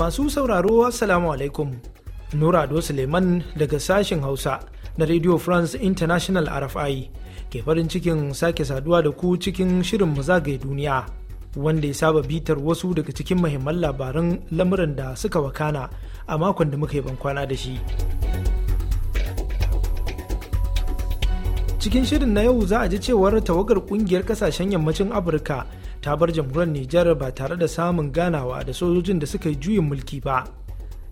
Masu sauraro Assalamu alaikum. Nura Ado Suleiman daga sashen Hausa na Radio France International RFI ke farin cikin sake saduwa da ku cikin shirin zagaye duniya wanda ya saba bitar wasu daga cikin mahimman labaran lamuran da suka wakana a makon da muka yi bankwana da shi. Cikin shirin na yau za a ji cewar tawagar kungiyar kasashen yammacin Afirka ta bar jamhuriyar Nijar ba tare da samun ganawa da sojojin da suka yi juyin mulki ba.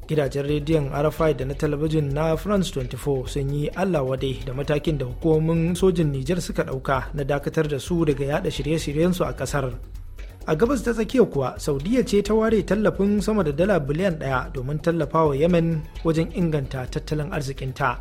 Gidajen rediyon RFI da na talabijin na France 24 sun yi Allah wadai da matakin da hukumomin sojin Nijar suka ɗauka na dakatar da su daga yada shirye shiryen su a ƙasar. A gabas ta tsakiya kuwa, Saudiya ce ta ware tallafin sama da dala biliyan ɗaya domin tallafa wa Yemen wajen inganta tattalin arzikinta.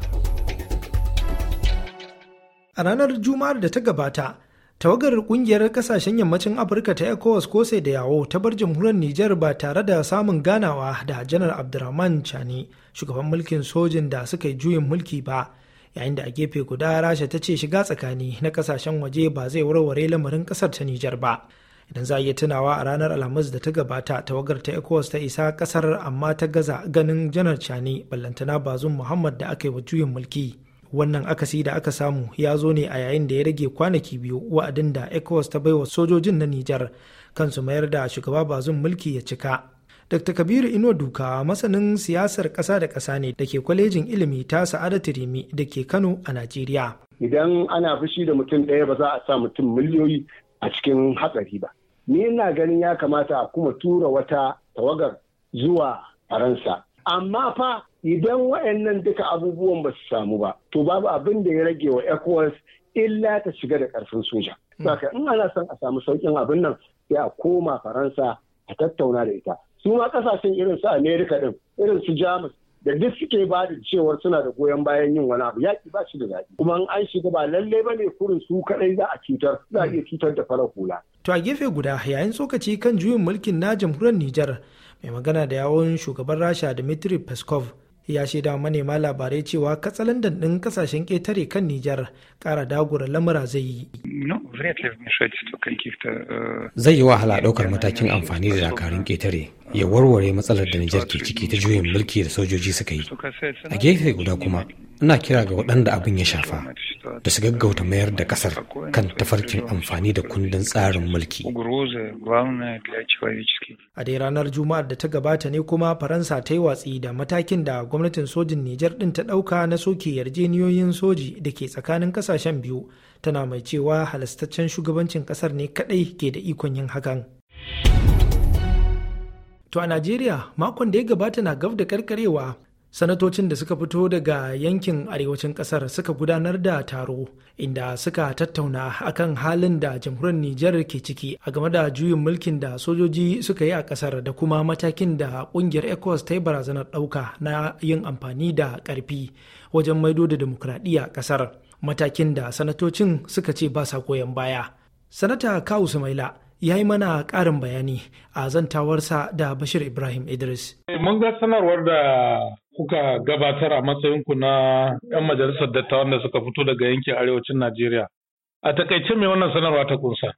A ranar Juma'ar da ta gabata, tawagar kungiyar kasashen yammacin afirka ta ecowas ko sai da yawo ta bar jamhuriyar nijar ba tare da samun ganawa da janar abdurrahman chani shugaban mulkin sojin da suka yi juyin mulki ba yayin da a gefe guda rasha ta ce shiga tsakani na kasashen waje ba zai warware lamarin kasar ta nijar ba idan za a iya tunawa a ranar alhamis da ta gabata tawagar ta ecowas ta isa kasar amma ta gaza ganin janar chani ballantana bazum muhammad da aka yi wa juyin mulki wannan akasi da aka samu ya zo ne a yayin da ya rage kwanaki biyu wa'adin da ecowas ta baiwa sojojin na nijar kansu mayar da shugaba bazum mulki ya cika dr kabiru ino duka masanin siyasar ƙasa da ƙasa ne da ke kwalejin ilimi ta sa'adatu rimi da ke kano a najeriya idan ana fushi da mutum ɗaya ba za a sa mutum miliyoyi a cikin hatsari ba ni ina ganin ya kamata a kuma tura wata tawagar zuwa faransa amma fa idan wa'annan duka abubuwan ba su samu ba to babu abin da ya rage wa ecowas illa ta shiga da karfin soja hmm. saka in ana son a samu saukin abin nan sai a koma faransa a tattauna da ita su ma ƙasashen irin su amerika din irin su jamus da duk suke ba da cewar suna da goyon bayan yin wani abu yaki ba shi da zaɓi kuma an shiga ba lallai ba ne kurin su kaɗai za a cutar za a iya cutar da farar hula. to a gefe guda yayin tsokaci kan juyin mulkin na jamhuriyar nijar mai magana da yawon shugaban rasha dmitry peskov ya shaida manema labarai cewa katsalandan ɗin kasashen ƙetare kan nijar ƙara dagura lamura zai yi eh, zai yi wahala ɗaukar matakin amfani da dakarun ƙetare ya warware matsalar da Nijar ke ciki ta juyin mulki da sojoji suka yi. A gefe guda kuma ina kira ga waɗanda abin ya shafa da su gaggauta mayar da ƙasar kan tafarkin amfani da kundin tsarin mulki. A dai ranar Juma'ar da ta gabata ne kuma Faransa ta yi watsi da matakin da gwamnatin sojin Nijar ɗin ta ɗauka na soke yarjeniyoyin soji da ke tsakanin ƙasashen biyu tana mai cewa halastaccen shugabancin ƙasar ne kaɗai ke da ikon yin hakan. To a Najeriya makon da ya gabata na gab da karkarewa sanatocin da suka fito daga yankin arewacin kasar suka gudanar da taro inda suka tattauna akan halin da jamhuriyar Nijar ke ciki a game da juyin mulkin da sojoji suka yi a kasar da kuma matakin da kungiyar Ecos ta yi barazanar ɗauka na yin amfani da ƙarfi wajen maido da demokradiyya kasar matakin da sanatocin suka ce ba sa goyon baya. Sanata Kawu Sumaila ya yi mana ƙarin bayani a zantawarsa da Bashir Ibrahim Idris. Mun ga sanarwar da kuka gabatar a matsayinku na 'yan majalisar dattawan da suka fito daga yankin arewacin Najeriya. A takaice mai wannan sanarwa ta kunsa.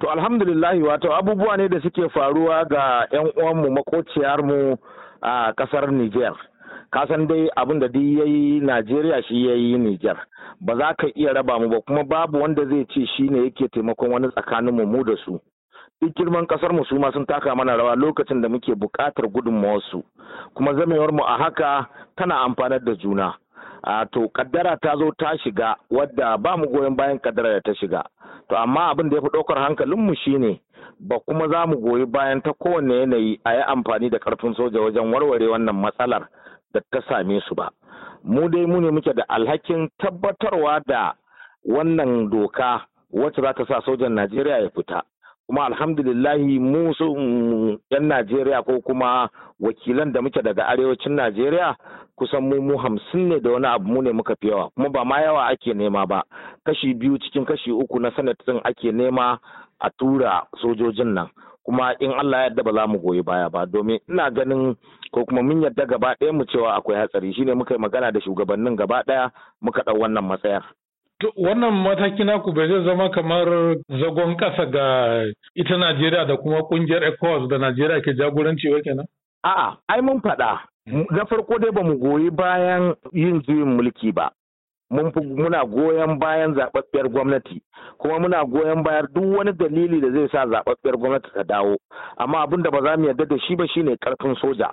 To alhamdulillahi wato abubuwa ne da suke faruwa ga 'yan uwanmu makociyarmu a ƙasar Nijar. kasan dai abin da duk yayi Najeriya shi yi Niger ba za ka iya raba mu ba kuma babu wanda zai ce shi ne yake taimakon wani tsakanin mu mu da su duk girman kasar mu su ma sun taka mana rawa lokacin da muke buƙatar gudunmawar su kuma zamewar mu a haka tana amfanar da juna a to kaddara ta zo ta shiga wadda ba mu goyon bayan kaddara da ta shiga to amma abin da ya fi ɗaukar hankalin hankalinmu shine ba kuma za mu goyi bayan ta kowane yanayi a yi amfani da ƙarfin soja wajen warware wannan matsalar da ta same su ba mu dai mu ne muke da alhakin tabbatarwa da wannan doka wacce za ta sa sojan najeriya ya fita kuma alhamdulillahi mu yan najeriya ko kuma wakilan da muke daga arewacin najeriya kusan mu mu hamsin ne da wani abu mu ne muka fi yawa kuma ba ma yawa ake nema ba kashi biyu cikin kashi uku na sanatin ake nema a tura sojojin nan kuma in Allah ya yarda ba za mu goyi baya ba domin ina ganin ko kuma mun yarda gaba ɗaya mu cewa akwai hatsari shine muka yi magana da shugabannin gaba ɗaya muka ɗau wannan matsayar. wannan mataki naku bai zai zama kamar zagon ƙasa ga ita Najeriya da kuma ƙungiyar ECOWAS da Najeriya ke jagoranci wa kenan? A'a, ai mun faɗa. Na farko dai ba mu goyi bayan yin juyin mulki ba, muna goyon bayan zababbiyar gwamnati kuma muna goyon bayar duk wani dalili da zai sa zababbiyar gwamnati ta dawo amma abin da ba za mu yarda da shi ba shine karfin soja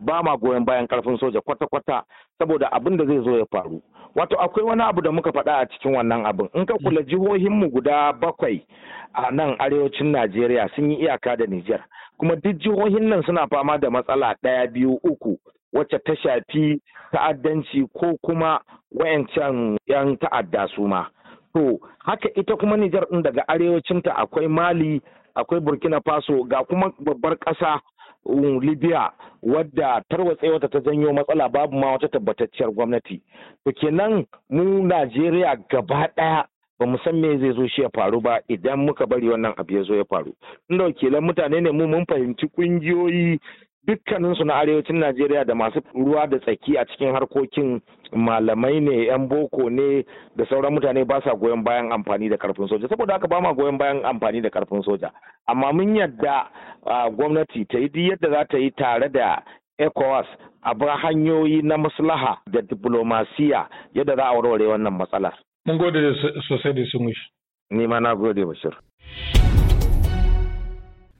ba ma goyon bayan karfin soja kwata-kwata saboda abin da zai zo ya faru wato akwai wani abu da muka faɗa a cikin wannan abin in ka kula jihohin mu guda bakwai a nan arewacin najeriya sun yi iyaka da nijar kuma duk jihohin nan suna fama da matsala ɗaya biyu uku wacce ta shafi ta'addanci ko kuma wayancan 'yan ta'adda su ma. To, haka ita kuma Nijar ɗin daga arewacinta akwai Mali, akwai Burkina Faso, ga kuma babbar ƙasa um, Libya wadda tarwatse wata ta janyo matsala babu ma wata tabbatacciyar gwamnati. To kenan mu Najeriya gaba ɗaya ba mu san me zai zo shi ya faru ba idan muka bari wannan abu ya zo ya faru. Inda wakilan mutane ne mu mun fahimci ƙungiyoyi. dukkaninsu na arewacin najeriya da masu ruwa da tsaki a cikin harkokin malamai ne 'yan boko ne da sauran mutane ba sa goyon bayan amfani da karfin soja saboda haka ba ma goyon bayan amfani da karfin soja amma mun yadda gwamnati ta yi yadda za ta yi tare da ecowas a bar hanyoyi na maslaha da diplomasiya yadda za a warware wannan matsalar mun gode sosai da sun ni ma na gode bashir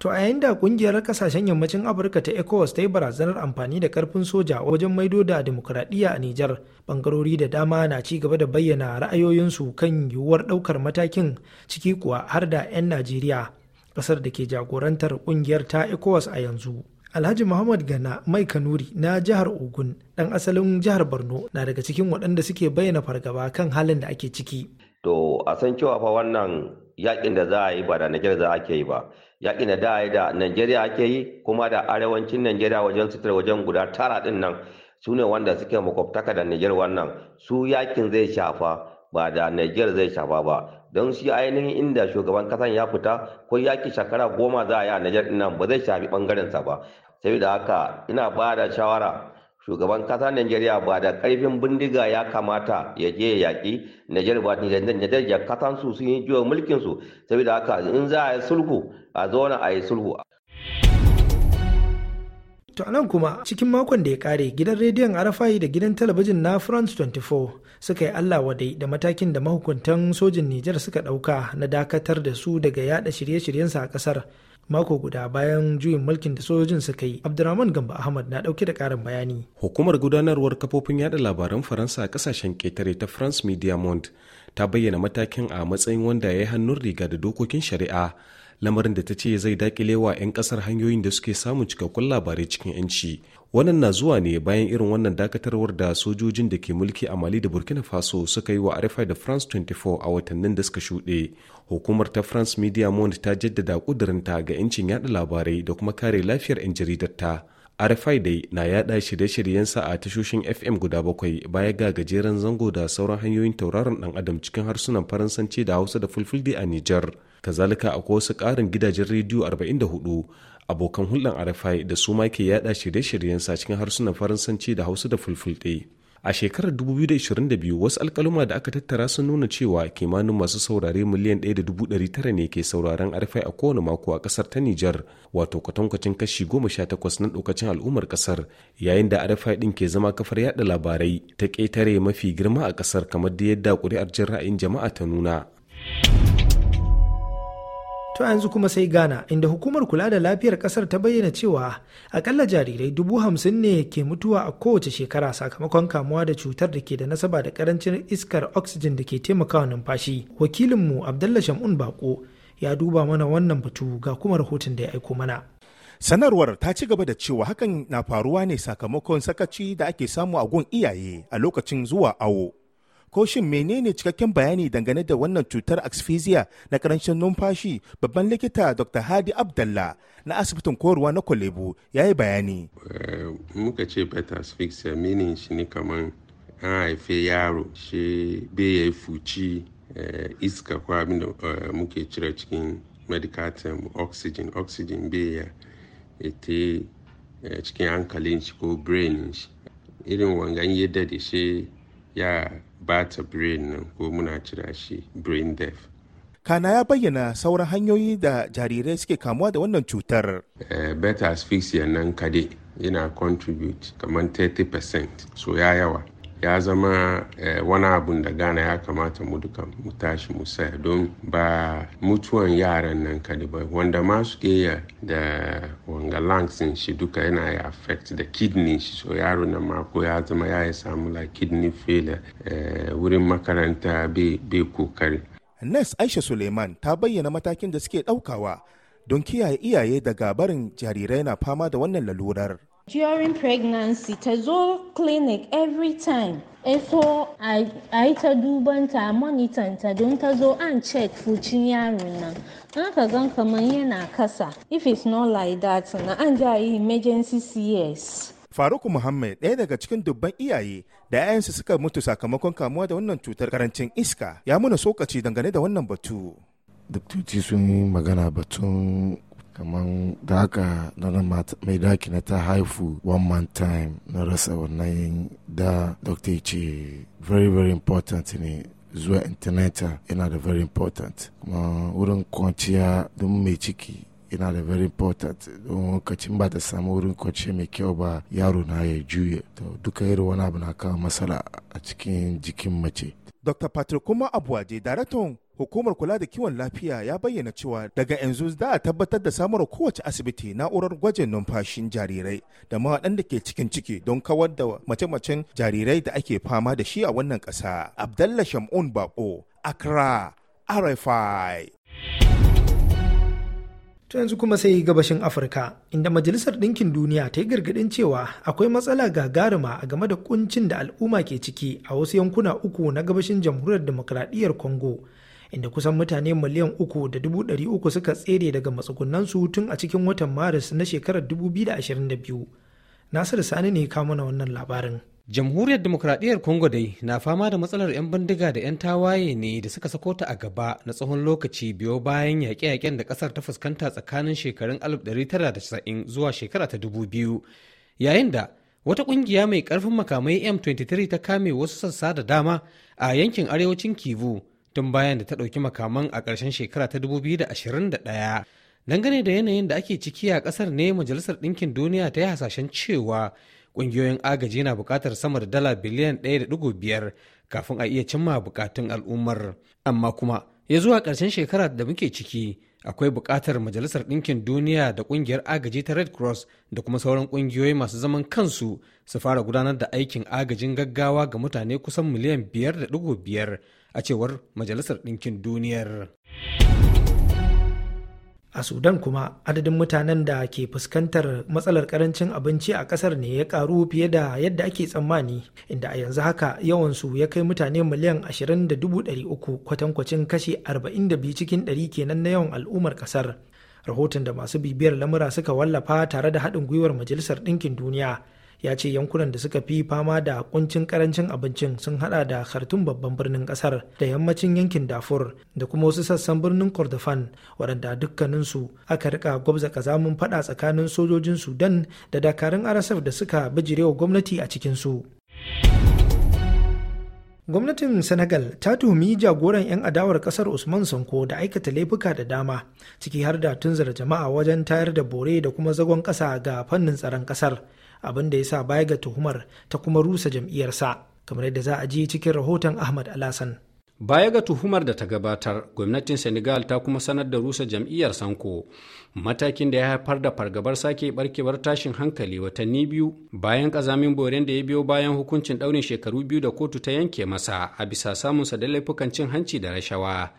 to a yayin da kungiyar kasashen yammacin afirka ta ecowas ta yi barazanar amfani da karfin soja wajen maido da demokuraɗiyya a nijar bangarori da dama na ci gaba da bayyana ra'ayoyinsu kan yiwuwar ɗaukar matakin ciki kuwa har da 'yan najeriya ƙasar da ke jagorantar kungiyar ta ecowas a yanzu Alhaji Muhammad Gana Mai Kanuri na jihar Ogun ɗan asalin jihar Borno na daga cikin waɗanda suke bayyana fargaba kan halin da ake ciki. To a san cewa fa wannan yakin da za a yi ba da Nijar za ake yi ba. yaƙi na da da Najeriya ake yi kuma da arewacin Najeriya wajen sitar wajen guda tara ɗin nan su ne wanda suke makwabtaka da Niger wannan su yakin zai shafa ba da Niger zai shafa ba don shi ainihin inda shugaban kasan ya fita ko yaki shekara goma za a yi a Niger ɗin nan ba zai shafi ɓangarensa ba saboda haka ina ba da shawara shugaban ƙasar Najeriya ba da karfin bindiga ya kamata ya je ya yaƙi Najeriya ba da Nijar kasansu sun yi mulkin su, saboda haka in za a yi sulhu a zauna a yi sulhu To a nan kuma cikin makon da ya kare gidan rediyon Arafai da gidan talabijin na France 24 suka yi Allah wadai da matakin da mahukuntan sojin Nijar suka ɗauka na dakatar da su daga yada shirye-shiryensa a ƙasar. mako guda bayan juyin mulkin da sojojin suka yi abdurrahman gamba ahmad na dauke da karin bayani hukumar gudanarwar kafofin yada labaran faransa a kasashen ketare ta france media monde ta bayyana matakin a matsayin wanda ya yi hannun riga da dokokin shari'a lamarin da ta ce zai dakile wa 'yan kasar hanyoyin da suke samun cikakkun labarai cikin 'yanci wannan na zuwa ne bayan irin wannan dakatarwar da sojojin da ke mulki a mali da burkina faso suka yi wa rfi da france 24 a watannin da suka shuɗe hukumar ta france media monde ta jaddada ƙudurinta ga 'yancin yada labarai da kuma kare lafiyar 'yan jaridarta RFI dai na yada shirye-shiryensa shiryen a tashoshin FM guda bakwai baya ga gajeren zango da sauran hanyoyin tauraron dan adam cikin harsunan Faransanci da Hausa da Fulfulde a Nijar. zalika a wasu karin gidajen rediyo 44 abokan hulɗar arafai da su ma ke yada shirye sa cikin harsunan faransanci da hausa da fulfulɗe a shekarar 2022 wasu alkaluma da aka tattara sun nuna cewa kimanin masu saurare miliyan 1.9 ne ke sauraren arfai a kowane mako a kasar ta Nijar wato kwatankwacin kashi 18 na dokacin al'ummar kasar yayin da arfai ɗin ke zama kafar yada labarai ta ƙetare mafi girma a kasar kamar da yadda ƙuri'ar jin ra'ayin jama'a ta nuna. To yanzu kuma sai Ghana inda hukumar kula da lafiyar kasar ta bayyana cewa akalla jarirai dubu hamsin ne ke mutuwa a kowace shekara sakamakon kamuwa da cutar da ke da nasaba da karancin iskar oxygen da ke taimakawa numfashi. Wakilinmu abdullah Shamun Bako ya duba mana wannan batu ga kuma rahoton da ya aiko mana. Sanarwar ta ci gaba da cewa hakan na faruwa ne sakamakon sakaci da ake samu a gun iyaye a lokacin zuwa awo. ko shin menene cikakken bayani dangane da wannan cutar asphyxia na karancin numfashi babban likita dr hadi abdallah na asibitin koruwa na kwalebu ya yi bayani eh, muka ce beta asphyxia meaning shi ne kamar an haife yaro shi bai ya fuci eh, iska ko abin da eh, muke cire cikin medical term oxygen oxygen bai ya ita cikin hankalin shi ko brain shi irin wangan yadda da shi ya bata brain nan ko muna cira shi brain death kana ya bayyana sauran hanyoyi da jarirai suke kamuwa da wannan cutar. Uh, beta asphyxia nan kade yana contribute kamar 30% so ya yawa ya zama eh, wani abun da gana ya kamata mu duka mu tashi mu saya don ba mutuwan yaran nan kadi ba wanda ma su iya da wanga lungs shi duka yana ya affect da kidney shi so yaro na ma ya zama ya yi samu la kidney failure eh, wurin makaranta bai kokari Nes Aisha Suleiman ta bayyana matakin da suke daukawa don kiyaye iyaye daga barin jarirai na fama da wannan lalurar. during pregnancy ta zo clinic every time so a yi ta dubanta a monitanta don ta zo an check fucin yaron nan an ka gan kamar yana kasa if it's not like that na an ja yi emergency cs faruku muhammad ɗaya daga cikin dubban iyaye da 'ya'yansu suka mutu sakamakon kamuwa da wannan cutar karancin iska ya muna sokaci dangane da wannan batu daktoci sun yi magana batun kamar da haka na mai daki na ta haifu one man time na rasa wannan da dokta ce very very important ne zuwa internet yana da very important kuma wurin kwanciya don mai ciki yana da very important don lokacin ba ta samu wurin kwanciya mai kyau ba yaro na ya juye to duka irin wani abu na kawo matsala a cikin jikin mace dr patrick kuma abuwaje daraton hukumar kula da kiwon lafiya ya bayyana cewa daga yanzu za a tabbatar da samar kowace asibiti na'urar gwajin numfashin jarirai da mawaɗanda ke cikin ciki don kawar da mace-macen jarirai da ake fama da shi a wannan ƙasa. Abdalla Shamun Bako, Accra, RFI. To yanzu kuma sai gabashin Afirka, inda Majalisar Ɗinkin Duniya ta yi gargaɗin cewa akwai matsala gagaruma a game da kuncin da al'umma ke ciki a wasu yankuna uku na gabashin Jamhuriyar Demokradiyyar Congo. inda kusan mutane miliyan uku da dubu ɗari uku suka tsere daga matsugunansu tun a cikin watan maris na shekarar 2022 Nasir sani ne kama mana wannan labarin jamhuriyar demokradiyyar congo dai na fama da matsalar 'yan bindiga da 'yan tawaye ne da suka sako ta a gaba na tsawon lokaci biyo bayan yaƙe-yaƙen da ƙasar ta fuskanta tsakanin shekarun 1990 zuwa shekara ta 2000 yayin da wata ƙungiya mai ƙarfin makamai m23 ta kame wasu sassa da dama a yankin arewacin kivu tun bayan da ta ɗauki makaman a ƙarshen shekara ta 2021 dangane da yanayin da ake ciki a ƙasar ne majalisar ɗinkin duniya ta yi hasashen cewa ƙungiyoyin agaji na buƙatar sama da dala biliyan 1.5 kafin a iya cimma buƙatun al'ummar amma kuma ya zuwa ƙarshen shekara da muke ciki akwai buƙatar majalisar ɗinkin duniya da ƙungiyar agaji ta red cross da kuma sauran ƙungiyoyi masu zaman kansu su fara gudanar da aikin agajin gaggawa ga mutane kusan miliyan 5.5 a cewar majalisar ɗinkin duniyar a sudan kuma adadin mutanen da ke fuskantar matsalar karancin abinci a kasar ne ya karu fiye da yadda ake tsammani inda a yanzu haka yawansu ya kai mutane miliyan 20,300 kwatankwacin kashi 42 cikin 100 kenan na yawan al'ummar kasar rahoton da masu bibiyar lamura suka wallafa tare da haɗin gwiwar majalisar ɗinkin duniya ya ce yankunan da suka fi fama da kuncin karancin abincin sun hada da khartun babban birnin kasar da yammacin yankin dafur da kuma wasu sassan birnin kordofan waɗanda dukkaninsu aka rika gwabza kazamin fada tsakanin sojojin sudan da dakarun rsf da suka bijirewa gwamnati a cikinsu gwamnatin senegal ta tuhumi jagoran 'yan adawar kasar usman sanko da aikata laifuka da dama ciki har da tunzara jama'a wajen tayar da bore da kuma zagon kasa ga fannin tsaron kasar abin da ya sa baya ga tuhumar ta kuma rusa jam'iyyarsa kamar yadda za a je cikin rahoton ahmad alasan baya ga tuhumar da ta gabatar gwamnatin senegal ta kuma sanar da rusa jam'iyyar sanko matakin da ya haifar da fargabar sake barkewar tashin hankali watanni biyu bayan kazamin boren da ya biyo bayan hukuncin daurin shekaru biyu da kotu ta yanke masa a bisa samunsa da laifukan cin hanci da rashawa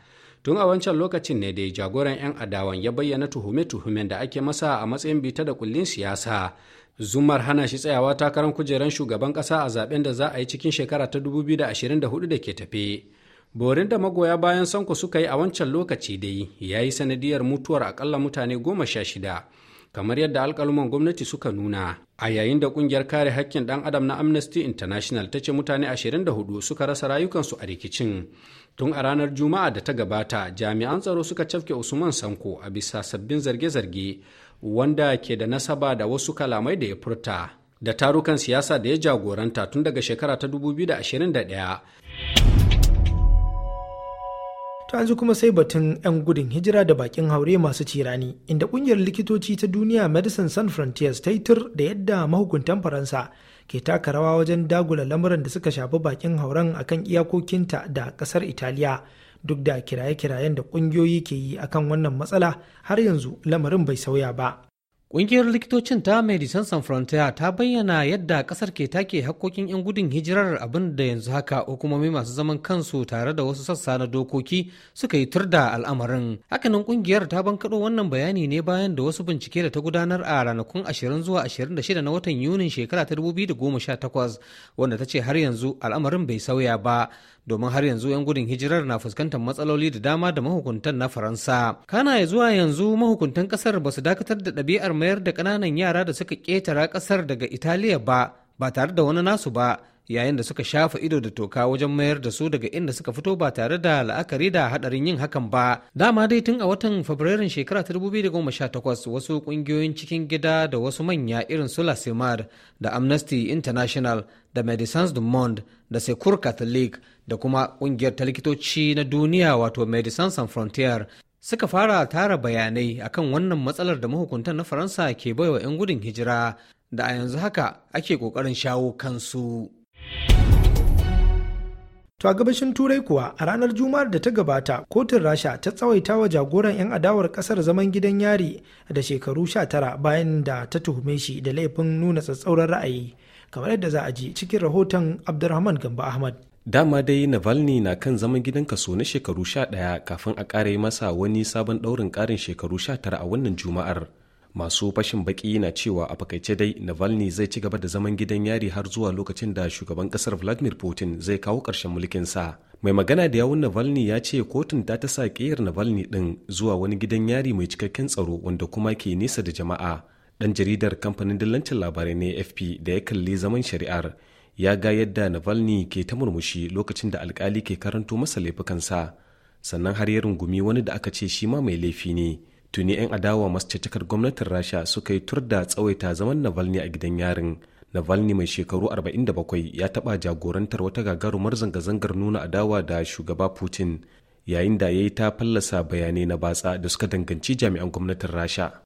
tun a wancan lokacin ne da dai jagoran 'yan adawan ya bayyana tuhume-tuhumen da ake masa a matsayin bita da kullin siyasa zumar hana shi tsayawa takarar kujeran shugaban ƙasa a zaben da za a yi cikin shekara ta 2024 da ke tafe borin da magoya bayan sanko suka yi a wancan lokaci dai ya yi sanadiyar mutuwar akalla mutane goma sha shida kamar yadda alkaluman gwamnati suka nuna a yayin da kungiyar kare hakkin dan adam na amnesty international ta ce mutane 24 suka rasa rayukansu a rikicin tun a ranar juma'a da ta gabata jami'an tsaro suka cafke usman sanko a bisa sabbin zarge-zarge wanda ke da nasaba da wasu kalamai da ya furta da tarukan siyasa da ya jagoranta tun daga shekara ta 2021. ta kuma sai batun 'yan gudun hijira da bakin haure masu cirani inda kungiyar likitoci ta duniya medicine san frontiers ta tur da yadda mahukuntan faransa ke taka rawa wajen dagula lamuran da suka shafi bakin hauren akan iyakokinta da kasar italiya duk da kiraye-kirayen da ƙungiyoyi ke yi akan wannan matsala har yanzu lamarin bai sauya ba. Ƙungiyar likitocin ta Medicine Sans Frontier ta bayyana yadda ƙasar ke take hakkokin 'yan gudun hijirar abin da yanzu haka hukumomi masu zaman kansu tare da wasu sassa na dokoki suka yi turda da al'amarin. Hakanan ƙungiyar ta bankaɗo wannan bayani ne bayan da wasu bincike da ta gudanar a ranakun 20 zuwa 26 na watan Yunin shekara ta 2018 wanda ta ce har yanzu al'amarin bai sauya ba. domin har yanzu 'yan gudun hijirar na fuskantar matsaloli da dama da mahukuntan na faransa kana ya zuwa yanzu mahukuntan kasar ba su dakatar da ɗabi'ar mayar da ƙananan yara da suka ƙetara ƙasar daga italiya ba ba tare da wani nasu ba yayin da suka shafa ido da toka wajen mayar da su daga inda suka fito ba tare da la'akari da hadarin yin hakan ba dama dai tun a watan fabrairun shekara ta 2018 wasu kungiyoyin cikin gida da wasu manya irin su lasimar da amnesty international da medicines du monde da secours catholic da kuma kungiyar ta likitoci na duniya wato medicines sans frontier suka fara tara bayanai akan wannan matsalar da mahukuntan na faransa ke baiwa 'yan gudun hijira da a yanzu haka ake kokarin shawo kansu To a gabashin Turai kuwa a ranar Juma'ar da ta gabata kotun Rasha ta tsawaita wa jagoran 'yan adawar kasar zaman gidan yari da shekaru 19 bayan da ta tuhume shi da laifin nuna tsatsauran ra'ayi kamar yadda za a ji cikin rahoton abdulrahman gamba ahmad dama dai navalny na kan zaman gidan kaso na shekaru sha ɗaya kafin a ƙara yi masa wani sabon ɗaurin karin shekaru sha tara a wannan juma'ar masu fashin baki na cewa a fakaice dai navalny zai ci gaba da zaman gidan yari har zuwa lokacin da shugaban kasar vladimir putin zai kawo ƙarshen sa mai magana da yawun navalny ya ce kotun ta ta sa ƙiyar navalny ɗin zuwa wani gidan yari mai cikakken tsaro wanda kuma ke nesa da jama'a ɗan jaridar kamfanin dillancin labarai na afp da ya kalli zaman shari'ar ya ga yadda navalny ke ta murmushi lokacin da alkali ke karanto masa laifukansa sannan har ya rungumi wani da aka ce shi ma mai laifi ne tuni 'yan adawa masu cacakar gwamnatin rasha suka yi tur da tsawaita zaman navalny a gidan yarin navalny mai shekaru 47 ya taɓa jagorantar wata gagarumar zanga-zangar nuna adawa da shugaba putin yayin da ya yi ta fallasa bayanai na batsa da suka danganci jami'an gwamnatin rasha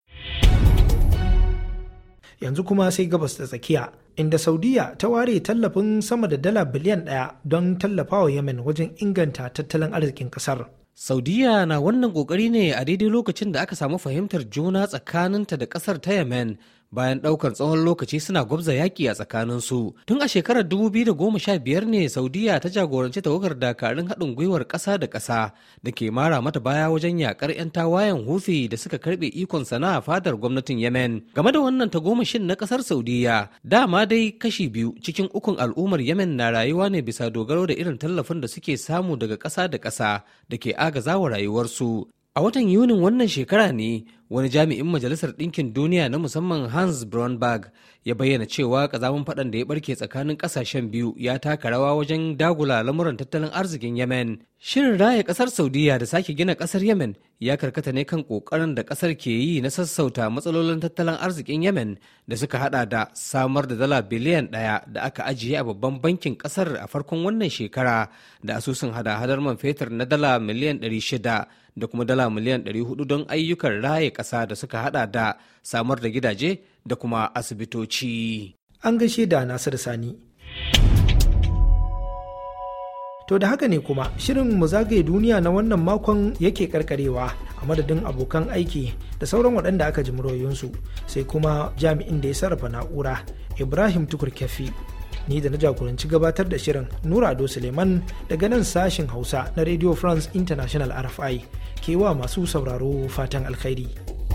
yanzu kuma sai gabas da tsakiya inda saudiya ta ware tallafin sama da dala biliyan ɗaya don tallafawa yemen wajen inganta tattalin arzikin ƙasar saudiya na wannan ƙoƙari ne a daidai lokacin da aka samu fahimtar juna tsakaninta da ƙasar ta yemen bayan ɗaukar tsawon lokaci suna gwabza yaki a tsakaninsu tun a shekarar 2015 ne saudiya ta jagoranci tawagar dakarun haɗin gwiwar ƙasa da ƙasa da ke mara mata baya wajen yaƙar 'yan tawayen hufi da suka karɓe ikon sana'a fadar gwamnatin yemen game da wannan tagomashin na ƙasar saudiya dama dai kashi biyu cikin ukun al'ummar yemen na rayuwa ne bisa dogaro da irin tallafin da suke samu daga ƙasa da ƙasa da ke agazawa rayuwarsu A watan Yunin wannan shekara ne wani jami'in majalisar ɗinkin duniya na musamman hans bromberg ya bayyana cewa kazamin faɗan da ya barke tsakanin ƙasashen biyu ya taka rawa wajen dagula lamuran tattalin arzikin yemen shirin raya kasar saudiya da sake gina ƙasar yemen ya karkata ne kan ƙoƙarin da ƙasar ke yi na sassauta matsalolin tattalin arzikin yemen da suka hada da samar da dala biliyan ɗaya da aka ajiye a babban bankin ƙasar a farkon wannan shekara da asusun hada-hadar man fetur na dala miliyan 600 da kuma dala miliyan 400 don ayyukan raya ƙasa da suka hada da samar da gidaje da kuma asibitoci. An gaishe da Nasir Sani. To da haka ne kuma shirin mu zagaye duniya na wannan makon yake karkarewa a madadin abokan aiki da sauran waɗanda aka ji muryoyinsu sai kuma jami'in da ya sarrafa na'ura Ibrahim Tukur Kefi. ni da na jagoranci gabatar da shirin nura ado suleiman daga nan sashin hausa na radio france international rfi kewa masu sauraro fatan alkhairi